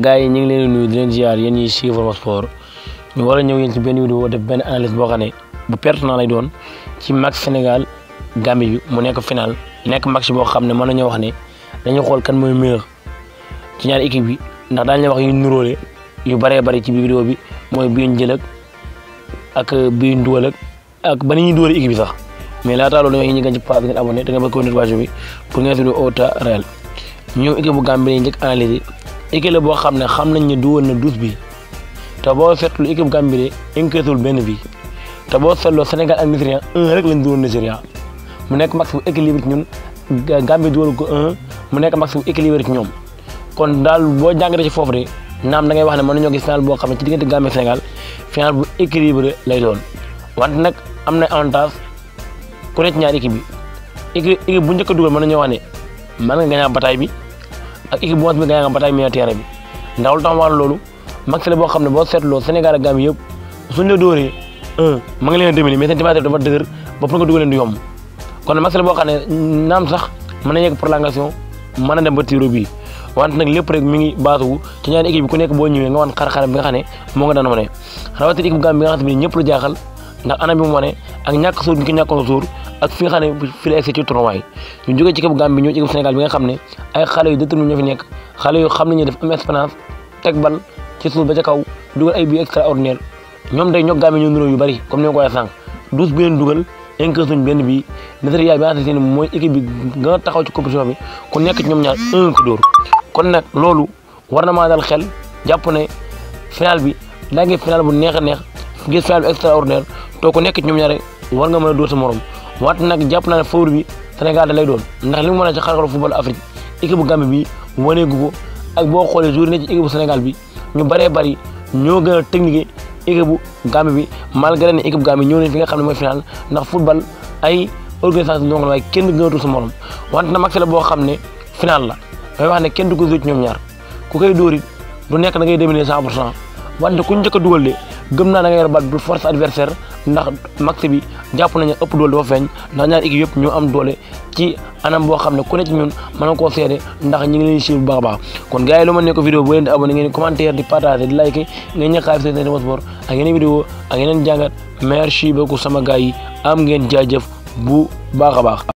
gars yi ñu ngi leen di nuyu di leen ziar yéen ñiy suivre Walf Sport ñu war a ñëw yéen ci benn vidéo def benn boo xam bu pertinent lay doon ci match Sénégal Gambie bi mu nekk final nekk match boo xam ne mën nañoo wax ne dañuy xool kan mooy meilleur ci ñaari équipe bi ndax daañu wax yu nuróole yu bëree ci biir vidéo bi mooy bii ñu ak bii ñu dugal ak ba ni ñuy dugal équipe sax mais laataa loolu dañoo ñu gën ci page bi ngeen abonné da nga bëgg ko notification bi pour ngeen tudd au temps réel ñoom équipe bu Gambie lañuy njëkk analyser équipe la boo xam ne xam nañ ne duwoon na douze bi te boo seetlu équipe Gambie de benn bi te boo seetloo Sénégal ak Nigéria un rek lañ duwoon mu nekk max bu équilibre ci ñun Gambie mu nekk max bu équilibre ci ñoom kon daal boo jàngatee ci foofu de naam da ngay wax ne mën nañoo gis final boo xam ne ci diggante Gambie Sénégal final bu équilibre lay doon wante nag am na avantage ku nekk ñaari équipe bi équipe bu njëkk a dugal mën nañoo wax ne mën nga gañaa bataay bi. ak équipe bu mas bi gagné nga ba tey milieu terrain bi ndax lu tax ma loolu match la boo xam ne boo seetloo Sénégal ak Gambie yëpp suñu la dóoree un ma ngi leen a dëmali a seen défense dafa dëgër ba pour nga dugal leen du yomb kon match la boo xam ne naam sax mën na yegg prolongation mën na dem ba tiro bii wante nag lépp rek mi ngi baasuwu ci ñaari équipe bi ku nekk boo ñëwee nga wan xar-xar bi nga xam ne moo nga daan wane rawatina équipe bi nga xam ne ñëpp lu jaaxal ndax anam moom mu wane ak ñàkk suur bi ko ñàkkoon suur ak fi nekk xale yu xam ne ñu def am expérience teg bal ci ba ca kaw dugal ay bi extraordinaire ñoom day ñoog Gambie ñu nuroo yu bëri comme ko waxee sànq douze bi benn bi Nigeria bi ansi seen mooy équipe bi taxaw ci compétition bi ku nekk ci ñoom ñaar un ko kon nag loolu war na maa dal xel jàpp ne final bi nag ngi final bu neex a neex gis final bu extraordinaire too ku nekk ci ñoom ñaar war nga mën doo dóor sa morom wante nag jàpp naa ne favori bi Sénégal da lay doon ndax li mu mën a ci xarxaru football Afrique équipe bu Gambie bi waneegu ko ak boo xoolee jour ne ci équipe bu Sénégal bi ñu bëree bëri ñoo gën a technique équipe bu Gambie bi malgré ne équipe Gambie ñëw nañ fi nga xam ne mooy final ndax football ay organisation ñoo ngi kenn gën a sa morom wante na match la boo xam ne final la damay wax ne kenn du ko ci ñoom ñaar ku koy dóor it nekk da ngay dominer 100 pour cent wante ku njëkk a dugal de gëm naa na nga yor baat bi force adversaire ndax max bi jàpp nañu ëpp doole dafa feeñ ndax ñaari équipe yëpp ñu am doole ci anam boo xam ne ku ne ci ñun mën na koo seede ndax ñu ngi leen suivre bu baax baax kon gars yi lu ma nekk vidéo bu leen di abonné ngeen commentaire di partager di liker ngeen ñaqaar seen Rmo Sport ak yeneen vidéo ak yeneen jàngat sama gars yi am ngeen jaajëf bu baax a baax